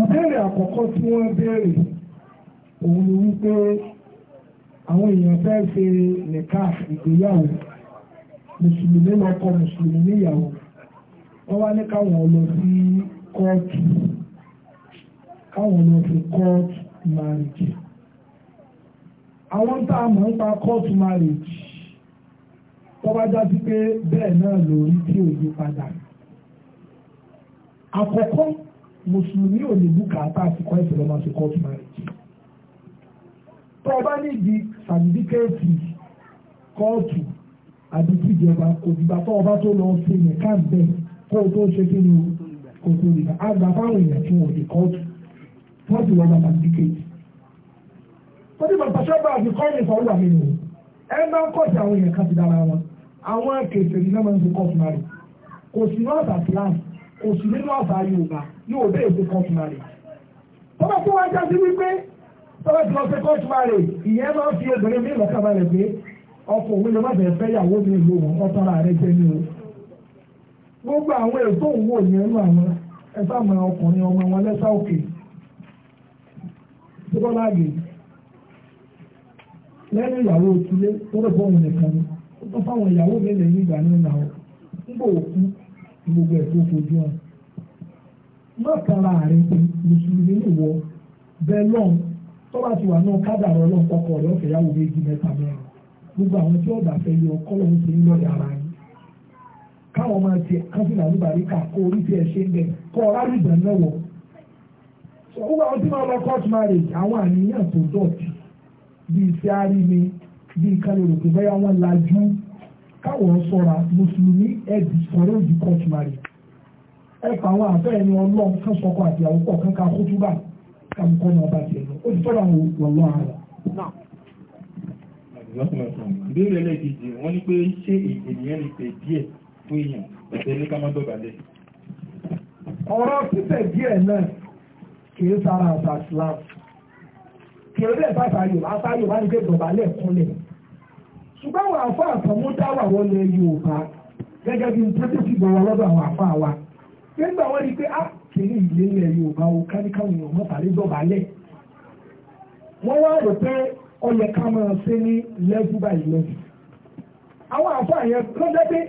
ìbéèrè àkọ́kọ́ tí wọ́n béèrè òun ni wípé àwọn èèyàn fẹ́ ṣe nìka ìgbéyàwó mùsùlùmí lọ́kọ mùsùlùmí níyàwó wọ́n wá ní káwọn lọ sí kóòtù káwọn lọ sí kóòtù marriage àwọn tá a mọ̀ nípa court marriage tó bá já sí pé bẹ́ẹ̀ náà lórí tí ò padà àkọ́kọ́ mùsùlùmí ò ní bùkátà àsìkò ẹ̀sìn lọ́mọ àsìkò ọ̀tún márìjì tó o bá nídìí sàdídíkẹ́ẹ̀tì kóòtù àbí tìjọba òdìgbà tó o bá tó lọ ṣe nìkan bẹ́ẹ̀ kó o tó ṣe kí ni kò tó rí bá àgbà fáwọn èèyàn tí wọn ò lè kóòtù wọ́n ti wọ́n bá sàdídíkẹ́ẹ̀tì ó ní bàbá ṣọ́gbà àti kọ́ọ̀nì ìfọwọ́wà mi nìyẹn ẹ máa ń kọ́ọ̀tù àwọn èèyàn kan ti dára wọn àwọn kèfèrí náà máa ń ṣe kọ́ọ̀tù márìjì kò òsì nínú ọ̀fà Yorùbá yóò bẹ́ẹ̀ ṣe kọ́tùmarì tọ́lá tó wá wípé tọ́lá tó ìyẹn máa fi obìnrin mi balẹ̀ pé ọkọ òun lè má bẹ̀rẹ̀ fẹ́ yàwó o gbogbo àwọn òwò yẹn nù àwọn ọkùnrin ọmọ wọn lẹ́sà òkè síbọ́lá àgbè ìyàwó òtúlé tó rẹ̀ fọ́ òun nìkan ó gbogbo ẹ̀ tó fojú a mọ́kànlá rẹ̀ pé mùsùlùmí ìwọ bẹ́ẹ̀ ti wà náà kádàrá ọlọ́run kọkọ rẹ̀ ọ̀fẹ́ yàwó méjì mẹ́ta mẹ́rin gbogbo àwọn tí ọ̀dà fẹ́ yọ kọ́lọ́run ti lọ́ọ̀dà ara yín káwọn máa tiẹ̀ kó orí ṣe ń bẹ̀ kọ́ náà wọ̀ ọtí máa lọ court marriage àwọn àníyàn tó dọ̀tí bíi mi bíi wọ́n lajú káwọn sọ́ra mùsùlùmí ẹ̀dì sọ̀rọ̀ ìdí court marriage ẹ̀pà àwọn àfẹ́ ẹni ọlọ́run kan sọkọ àti àwọn pọ̀ kankan kútúbà kàmùkọ́ ní ọba tiẹ̀ lọ ó ti sọ́ra àwọn òwòlọ́ ara. ìbéèrè ẹlẹ́gìdì wọ́n ní pé ṣé ènìyàn lè pè díẹ̀ fún èèyàn ẹ̀sẹ̀ ní ká má dọ̀bálẹ̀. ọ̀rọ̀ pípẹ̀ díẹ̀ náà kìí sára àṣà slav kìí bẹ́ẹ̀ bá àṣà yorùbá àṣà yorùbá ní pé dọ̀bálẹ̀ kúnlẹ̀ ṣùgbọ́n àwọn àfa àtọ̀mú dá wà wọlé Yorùbá gẹ́gẹ́ bí pẹ́tẹ́sì bọ̀ wọ́n lọ́dọ̀ àwọn àfa wa nígbà wọ́n rí pé á ah, kéré ìlé ilẹ̀ Yorùbá o káníkàwọn èèyàn mọ́ta lé dọ̀bálẹ̀ wọ́n wá rò pé ó yẹ ká máa ṣe ní lẹ́fù báyìí lẹ́fù àwọn àfa yẹn lọ́jọ́ pé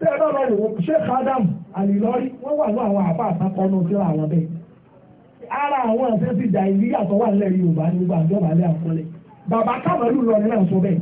tẹ́ ẹ lọ́rọ̀ wò ṣé kádàmù àlìlọ́rí wọ́n wà ní àwọn àfa àtàkọ́nù tí àwọn bẹ́ẹ̀ ara àwọn àfẹ́sì ìjà ìlú yàtọ̀ wà nílẹ̀ Yorùbá ní gbogbo àjọba àkọlẹ̀ bàbá kámẹ́lú lọ ní náà bẹ́ẹ̀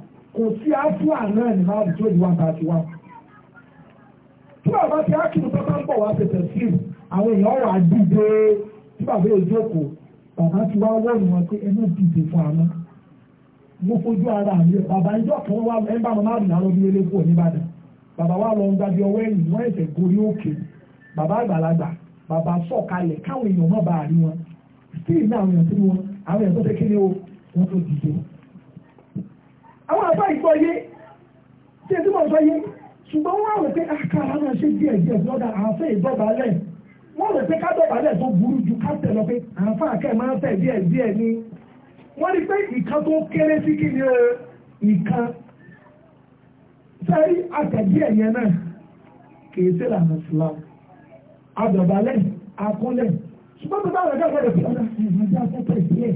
kò sí áfúà náà ní máa tó ìwà bá ti tí bàbá ti ákìlù tó bá ń bọ̀ wá pẹ̀tẹ̀ sí i àwọn èèyàn wà dìde tí bàbá yóò jókòó bàbá ti wá wọ́ọ̀nù wọn pé ẹnu dìde fún àná mo fojú ara mi bàbá ìjọ kan wá bá márùn bí bàbá wa lọ ń gbàdí ọwọ́ ẹ̀yìn wọ́n ẹ̀sẹ̀ gorí òkè bàbá àgbàlagbà bàbá sọ̀kalẹ̀ káwọn èèyàn àwọn àbá ìgbọ́ yé tí ètò mọ̀ sọ yé ṣùgbọ́n wọ́n rò pé àkàrà náà ṣe díẹ̀ díẹ̀ lọ́dà àfẹ́ ìdọ̀bálẹ̀ wọ́n rò pé kádọ̀bálẹ̀ tó burú ju kápẹ́ lọ pé àfẹ́ àkẹ́ máa ń tẹ̀ díẹ̀ díẹ̀ ni wọ́n rí pé ìkan tó kéré sí kí ni ìkan sẹ́rí àtẹ̀díẹ̀ yẹn náà kì í sílẹ̀ àmì islam àdọ̀bálẹ̀ akúnlẹ̀ ṣùgbọ́n tó bá rẹ̀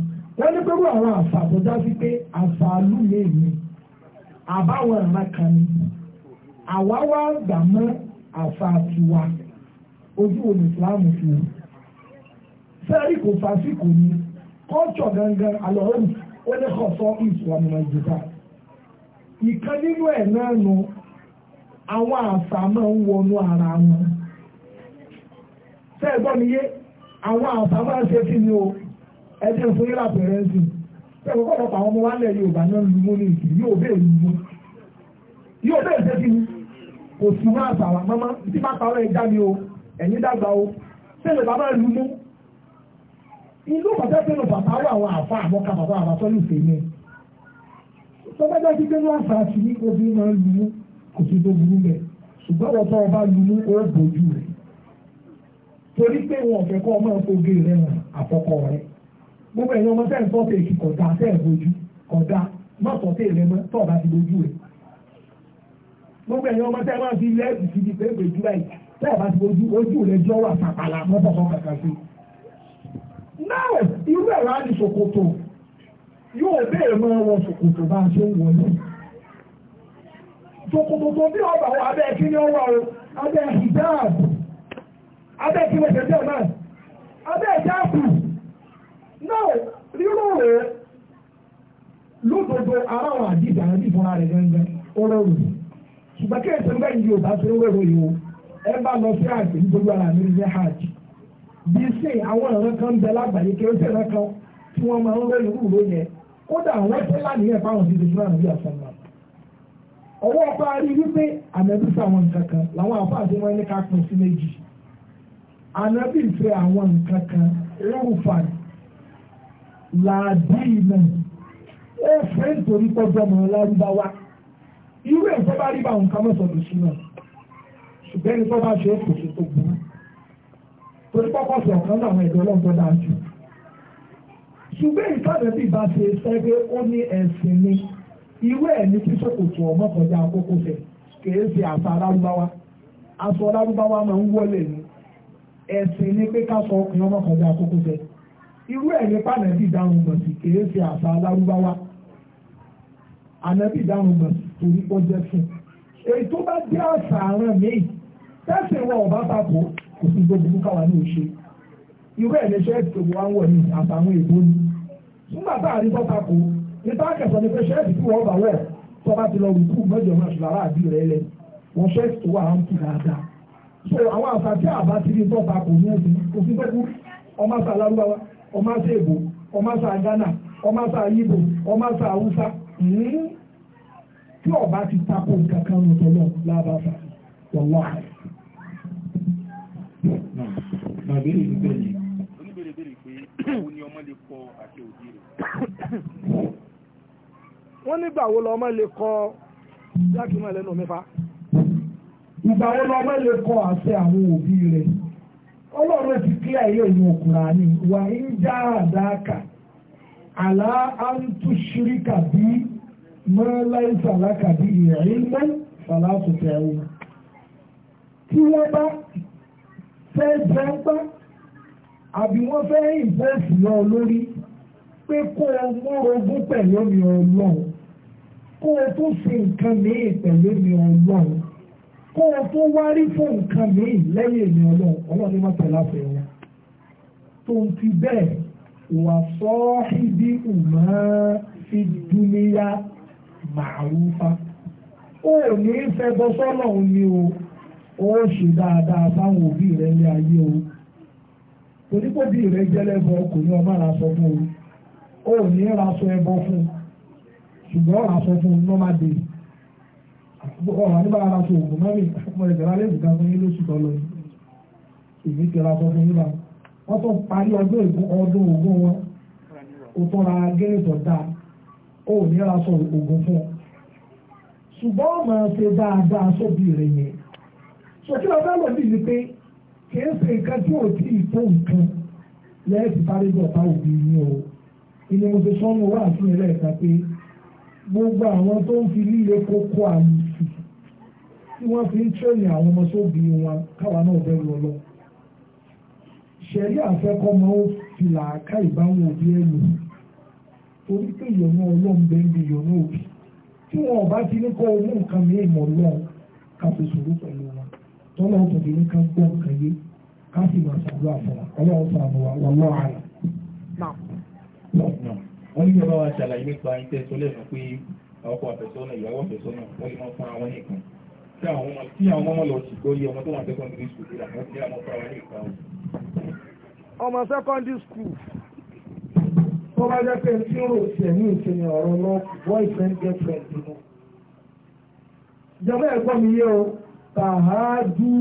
wọ́n ní pẹ̀lú àwọn àṣà tó sí pé àṣà àlùmí mi àbáwọn àwa wá gbà mọ́ ojú òní ìsìláàmù fi wò sẹ́ẹ̀rì kò ni kọ́ńtọ̀ gangan alọ́rùn ó ní kọ́ sọ ìsìláàmù ìkan nínú ẹ̀ náà nu àwọn àṣà ara wọn mi yé àwọn àṣà máa ń ṣe ẹjẹ́ fún yín lápẹ̀rẹ́ sí pẹ̀lú ọ̀pọ̀lọpọ̀ àwọn ọmọ wa lẹ̀ Yorùbá náà lu mú ní ìsì yóò bẹ́ẹ̀ lu mú yóò bẹ́ẹ̀ ṣe kí ni kò sí mọ́ àtàwà mọ́mọ́ tí má pa ọ̀rọ̀ ẹja ni o ẹ̀yìn dàgbà o ṣẹlẹ̀ bàbá lu mú inú bàtà pẹ̀lú bàtà wà àwọn àfa àmọ́ka bàbá àbátọ́ lù fè mí tọ́gbẹ́dá ti pẹ̀lú àṣà àti ní obìnrin máa lu mú kò sí tó burú mẹ́ ṣùgbọ́n wọ́n tọ́ ọba lu mú ó bójú gbogbo ẹ̀yin ọmọ sẹ́yìn sọ́ọ̀tì èkì kọ̀dá sẹ́yìn bójú kọ̀dá má sọ́ọ̀tì èrè mọ́ tọ́ọ̀bá ti bójú ẹ̀ gbogbo ẹ̀yin ọmọ sẹ́yìn máa fi ilẹ̀ ẹ̀sì sí ibi pépè jù láì tọ́ọ̀bá ti bójú ojú rẹ̀ jọ wà sàpàlà mọ́tọ̀kọ́ kàkà sí. náà irú ẹ̀rọ á ní ṣòkòtò yóò béèrè mọ́ wọn ṣòkòtò bá a ṣe ń wọlé ṣòkòtò tó bí ọba wọ abẹ́ kí ni ọwọ́ o abẹ́ hijab abẹ́ kí náà rírò rẹ̀ lódodo aráwọ̀ àdìgbà àti ìfúnra rẹ̀ ṣùgbọ́n yìí yóò o ẹ bá lọ sí àjò nítorí ara mi ní hajj bí sìn àwọn ìran kan bẹ lágbàáyé kí ó sì ìran kan tí wọ́n máa ń rẹ̀ lóru ló yẹ kódà àwọn tí láàyè fáwọn ti di ọwọ́ wípé ànábì nǹkan kan làwọn wọn ní ká làdínà ẹ fẹ́ nítorí pọ́jọ́ mọ́ lárúbáwá irú ẹ̀ tó bá rí bá nǹkan mọ́sọ̀dọ̀ sí náà ṣùgbọ́n ẹni tó bá ṣe é kò ṣe tó burú torí pọ́pọ́ sí ọ̀kan náà àwọn ẹ̀dọ́ ọlọ́run tó dáa jù ṣùgbọ́n ìfàdé bí ìbá ṣe ṣẹ́gbẹ́ ó ní ẹ̀sìn ni irú ẹ̀ ní tí ṣòkòtò ọmọ kọjá àkókò fẹ̀ kìí ṣe àṣà alárúbáwá aṣọ alárúbáwá máa ń wọlé ni ẹ̀sìn ni pé ká sọ ọkùnrin ọmọ kọjá àkókò fẹ̀ irú ẹ̀ ní pànàbí ìdáhùn mọ̀sí kìí ṣe àṣà alárúbáwá ànàbí ìdáhùn mọ̀sí torí ó jẹ́ fún èyí tó bá jẹ́ àṣà àrùn míì tẹ́sí wọn ọ̀bá papò kò sí gbogbo káwa ní òṣè irú ẹ̀ ní ṣẹ́ẹ̀tì tó wá ń wọ̀ ní àtàwọn èbó ni nígbà tá a rí bọ́ papò nípa akẹ́sọ̀ ni pé ṣẹ́ẹ̀tì tí wọ́n bá wọ̀ tó bá ti lọ rùkú mọ́jọ máa ṣùgbọ́n aráàbí rẹ̀ lẹ̀ wọ́n ṣẹ́ẹ̀tì tó wà á ń kú dáadáa so àwọn àṣà tí àbá ti rí bọ́ papò ní ẹ̀sìn kò sí gbogbo ọmọ àṣà alárúbáwá ọmọ sá èbò ọmọ sá Ghana ọmọ sá yibo ọmọ sá Haúsá hmm? tí ọba ti tako nǹkan kan lọ́tọ̀ náà lábàfà wọ́lá. Bàbéèrè ló bẹ̀rẹ̀ yìí. Oníbèrè bèrè pé òun ni ọmọ lè kọ àti òbí rẹ̀. Wọ́n nígbà wo Ìgbà wo lọ́mọ lè kọ àṣẹ àwọn òbí rẹ̀? ọlọ́run ti kí àìlè ìlú òkúra ni wà ń já àdáàkà àlá àǹtúṣíríkà bí mọ́láì sàlákà bí ìrìnlẹ̀ sàlátù tẹ̀wọ̀ tí wọ́n bá fẹ́ jẹ́ gbá àbí wọ́n fẹ́ ìbẹ́sì lọ lórí pé kó o mú pẹ̀lú mi ọlọ́run kó o tún fi nǹkan mìíràn pẹ̀lú mi ọlọ́run. kó o tó fún nǹkan lẹ́yìn èmi ọlọ́run ọlọ́run ní wọ́n tẹ̀lé àfẹ́ wọn tó ti bẹ́ẹ̀ wà sọ́ọ́hí bí fi dúníyà màrúfà ó ní fẹ́ bọ́ ni o ó ṣe dáadáa fáwọn òbí rẹ ní ayé o onípòbí rẹ jẹ́lẹ́bọ kò ní ọmọ ara sọ fún o ó ní ẹbọ fún ṣùgbọ́n gbogbo ọ̀rọ̀ nígbà ara ṣe òògùn mọ́mì mo lè tẹ̀lé àlejò kan fún yín lóṣù tó lọ èmi tẹ̀lé aṣọ fún yín bá wọ́n tó parí ọdún ọdún òògùn wọn o tó ra gẹ́lẹ́ tó dáa ó ní ra sọ òògùn fún ọ ṣùgbọ́n ọmọ ṣe dáadáa sóbì rẹ̀ yẹn ṣòkí ọ̀dọ́ lòdì ni pé kìí ṣe nǹkan tí ò tí ì tó nǹkan lẹ́yìn tí sáré bọ̀ tá òbí yín o ìní mo ṣe sọ́nù wá àfihàn pé gbogbo àwọn tó ń fi líle kókó àmùsù tí wọ́n fi ń tẹ̀lé àwọn ọmọ sóbì wọn káwa náà bẹ̀rù ọlọ́ ṣẹ̀rí àfẹ́kọ́mọ ó fi làákà ìbáwọn òbí ẹ̀ lò torí pé ìyọ̀nù ọlọ́run bẹ́ẹ̀ ń bi ìyọ̀nù òbí tí wọn ò bá ti ní kọ́ ọmú nǹkan mi ìmọ̀ lọ́ọ̀ ká fi sùúrù pẹ̀lú wọn tọ́lá ọkùnrin ní ká gbọ́ nǹkan yé ká sì máa ṣàdúrà fún wa ọlọ́run fún àbúrò àwọn ọlọ́run àlà wọ́n ní bàbá wa ṣàlàyé nípa iṣẹ́ tó lẹ́nu pé ọkọ àfẹ́sọ́nà ìyàwó àfẹ́sọ́nà wọ́n lè máa fún àwọn nìkan tí àwọn ọmọ lọ sí gbóyè ọmọ tó wà secondary school tí àwọn ti àwọn fún àwọn nìkan. ọmọ secondary school tó bá jẹ́ pé tí ó rò sí ẹ̀mí ìṣẹ̀yìn ọ̀rọ̀ lọ boyfriend girlfriend nínú. ìjọba ẹ̀gbọ́n mi yé o tàhádú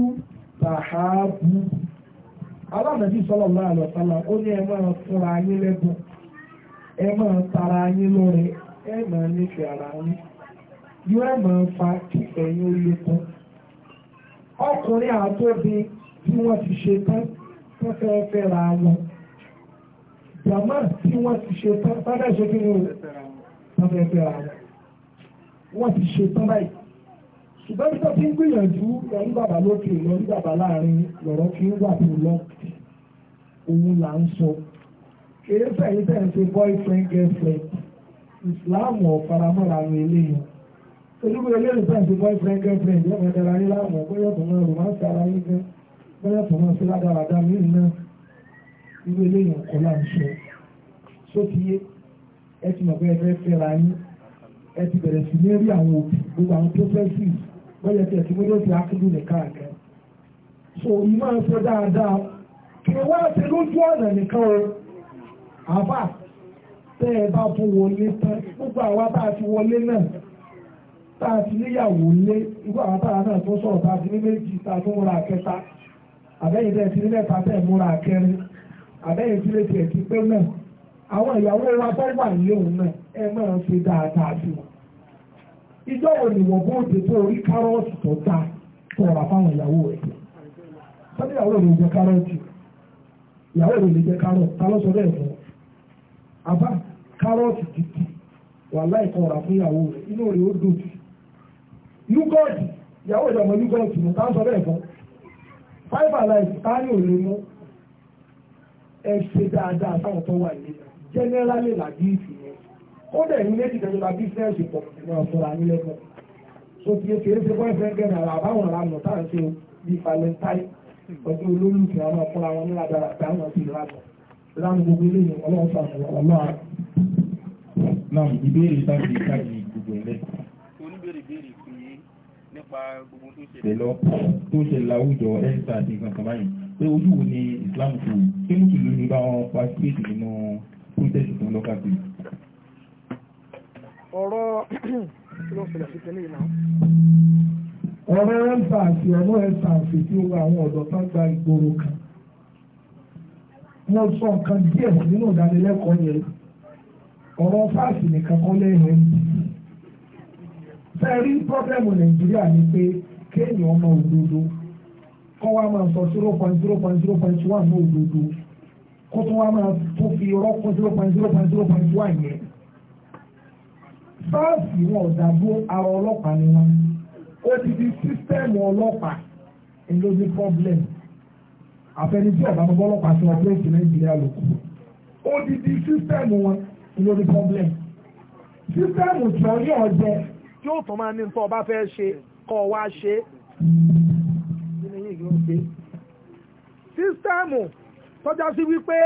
tàhábù alámọ̀dí sọ́lọ̀ láàlọ́ sálà ó ní ẹ máa fúnra yín ẹ máa tara yín lóore ẹ máa nífẹ̀ẹ́ ara yín yóò máa fa kíkẹ́ yín ó lékún ọkùnrin àtòbí tí wọ́n ti ṣe tán tó fẹ́ fẹ́ ra wọn jàmá tí wọ́n ti ṣe tán bàbá ìṣe kí ni wọ́n fẹ́ fẹ́ ra wọn wọ́n ti ṣe tán báyìí ṣùgbọ́n bí tó ti ń gbìyànjú lọ́rí bàbá lókè lọ́rí bàbá láàrin lọ́rọ́ fi ń wà tó lọ́ọ̀kì òun là ń sọ kìí sẹ́yìn tẹ̀ ń ṣe boyfriend girlfriend islam ọ̀faramọ́ra ní eléyìí olúkọ eléyìí tẹ̀ ń ṣe boyfriend girlfriend yóò fẹ́ dára yín láàmú bóyá tó máa romance ara yín gan bóyá tó máa ṣe ládàradà míì náà irú eléyìí kọ́ là ń sọ sótìyé ẹ ti mọ̀ pé ẹ fẹ́ fẹ́ra yín ẹ ti bẹ̀rẹ̀ sí ní rí àwọn òbí gbogbo àwọn processes bóyá tí ẹ ti múlẹ̀ sí akéwì nìkan àgẹ́ so ìmọ̀ ẹ fẹ́ dáadáa kì í wá ṣe ọ̀nà nìkan o. àfà tẹ́ bá fún wọlé tán gbogbo àwa bá ti wọlé náà tá ti níyàwó lé irú àwọn náà tó sọ̀rọ̀ tá ti ní méjì múra kẹta àbẹ́yìn tẹ́ ti ní mẹ́ta múra kẹrin àbẹ́yìn tí lè tiẹ̀ ti pé náà àwọn ìyàwó wa tó wà náà ẹ máa ń dáadáa sí wọn. wo ni wọ́n bóde tó orí kárọ́ọ̀tì tó ta tó àbá kárọ̀tì títì wà láìkọ̀ ọ̀rà fún ìyàwó rẹ̀ inú rẹ̀ ó dùn yúgọ̀tì ìyàwó ìjọba yúgọ̀tì mọ̀ tá ń sọ bẹ́ẹ̀ fún five alive tá ní òní mú ẹ ṣe dáadáa sáwọn tó wà nílẹ̀ generally làbí ìfì yẹn ó dẹ̀ ní méjì tẹ̀lé la bísíǹsì pọ̀ ní ọ̀sán la nílẹ̀ mọ́ so ti ṣe é ṣe boyfriend gẹ̀ náà àbáwọn làánù tá à ń ṣe bí valentine láwọn gbogbo ilé ìwọ̀n ọlọ́run sàmùlọ ọlọ́run. náà ìbéèrè táàbí káàdì gbogbo ẹ̀rẹ́. oníbèrè béèrè pé nípa gbogbo tó ṣẹlẹ̀ lọ tó ṣẹlẹ̀ láwùjọ ẹ̀ńtà àti nǹkan báyìí pé ojú wo ni Islam kò ṣé mùsùlùmí bá wọn pa sípèsì nínú protest tó lọ́ka sí. ọ̀rọ̀ ọ̀rọ̀ ẹ̀ńtà àti ọ̀rọ̀ ẹ̀ńtà àti tí ó wà àwọn ọ̀dọ́ tá wọ́n sọ nǹkan díẹ̀ nínú ìdánilẹ́kọ̀ọ́ yẹn ọ̀rọ̀ fáàsì nìkan kọ́ lẹ́yìn fẹ́ẹ̀rí pọ́blẹ́mù nàìjíríà ni pé kéèyàn ọmọ òdodo kọ́ wa máa sọ zero point zero point zero point one ní òdodo kó tún wa máa tó fi rọ́pọ̀ zero point zero point zero point one yẹn fáàsì wọn ọ̀dàgbó ara ọlọ́pàá ni wọn ó ti di sísítẹ́ẹ̀mù ọlọ́pàá ló ní pọ́blẹ́mù àfẹ́ni tí ọ̀bá bọ́lọ́pàá ti ọ̀pẹ́ẹ̀tì nàìjíríà ló kù ó di wọn ló ní problem sísẹ́ẹ̀mù tí ọ jẹ. tí ó máa ní tó ọba fẹ́ ṣe kọ́ ọ wá ṣe. sísẹ́ẹ̀mù tọ́já sí wípé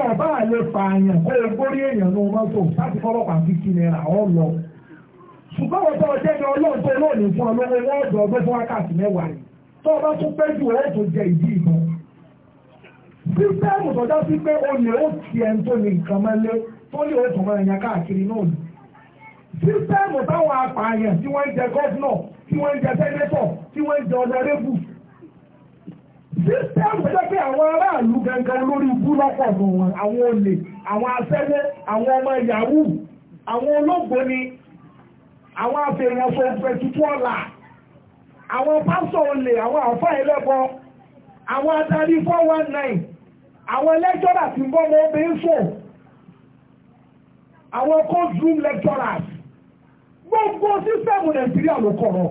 ọba àlè pààyàn kó o gbórí èèyàn ní mọ́tò láti fọ́lọ́pàá fífi náírà ọ̀ lọ ṣùgbọ́n wọ́n tọ́ ọjẹ́ ní lónìí fún ọ wọ́ọ̀dù ọdún fún wákàtí mẹ́wàá tó o bá tún pẹ́ jù ọ́ tó jẹ ìdí ìbọn sísẹ́ẹ̀mù tó já sí pé olè ó ti ẹ̀ ń tó ní nǹkan mẹ́lẹ́ tó lè ó tún ẹ̀yàn káàkiri náà ni sísẹ́ẹ̀mù táwọn apààyàn tí wọ́n ń jẹ gọ́fúnà tí wọ́n ń jẹ sẹ́nẹ́tọ̀ tí wọ́n ń jẹ ọ̀dọ́rẹ́bù sísẹ́ẹ̀mù jẹ́ pé àwọn aráàlú gangan lórí ikú lọ́pọ̀ nù wọn àwọn olè àwọn aṣẹ́wó àwọn ọmọ yahoo àwọn olóògbò ni àwọn afẹ́yàn sọ fẹ́ tuntun ọ̀la àwọn pásọ̀ olè àwọn àfáà ẹlẹ́bọ àwọn adarí 419 àwọn lẹ́jọ́rà tí ń bọ́ mọ́ obì ń sọ àwọn courtroom lecturers gbogbo sísẹ̀mù nàìjíríà ló kọ̀rọ̀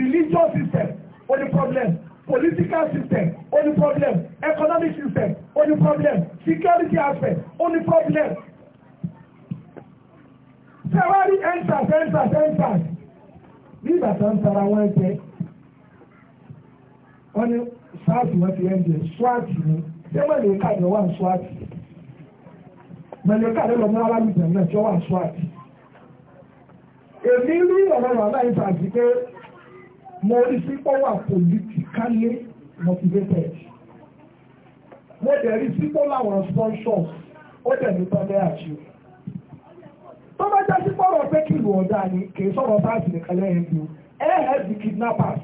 religious system ó ní problem political system ó ní problem economic system ó ní problem security aspect ó ní problem sẹ́wárí entrance entrance entrance nígbà tó ń tara wọn jẹ wọ́n ní sáàtì wọ́n ti ẹ̀ ń ni ṣé mẹ̀lẹ́kà ni wà ń sọ àti mẹ̀lẹ́kà ni lọ́mọ aráàlú ìtàn náà tí ó wà ń sọ àti. èmi rí ọ̀rọ̀ bàbá yìí fàájì pé mo rí sí pọ́wà pòlítíkálé motivated mo dẹ̀ rí sí pọ́wà àwọn sponsors ó dẹ̀ ní tọ́lẹ́ àti o tó bá jẹ́ sí pọ́rọ̀ pé kí ìlú ọ̀dà ni kì í sọ̀rọ̀ báàsì nìkan lẹ́yìn bí o ẹ̀ ẹ́ di kidnappers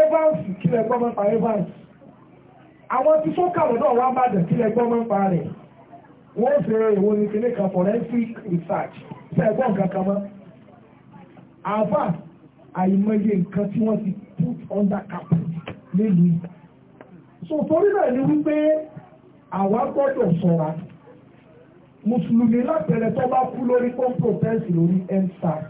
Evans kí lẹ gbọ́ mọ́ta Evans àwọn tí sókà lọ́dọ̀ wá bàdàn tí ẹgbọ́n máa ń pa rẹ̀ wọ́n fi rẹ̀ ìwọ ní kíní kan forensic research ṣe ẹgbọ́n kankan mọ́ àfà àìmọye nǹkan tí wọ́n ti put under cap nílùú so torí náà ni wípé àwa gbọ́dọ̀ sọ̀ra mùsùlùmí lápẹẹrẹ tó bá kú lórí pọ́ńpọ́ pẹ́ǹsì lórí endsar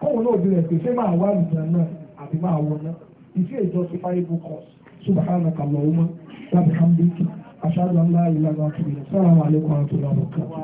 kóun náà bí rẹ̀ pé ṣé máa wá lùdàn náà àbí máa wọ náà ìfẹ́ ìjọsìn fáyébù kọ́ subhanaka Allahumma. وبحمدك أشهد أن لا إله إلا أنت السلام عليكم ورحمة الله وبركاته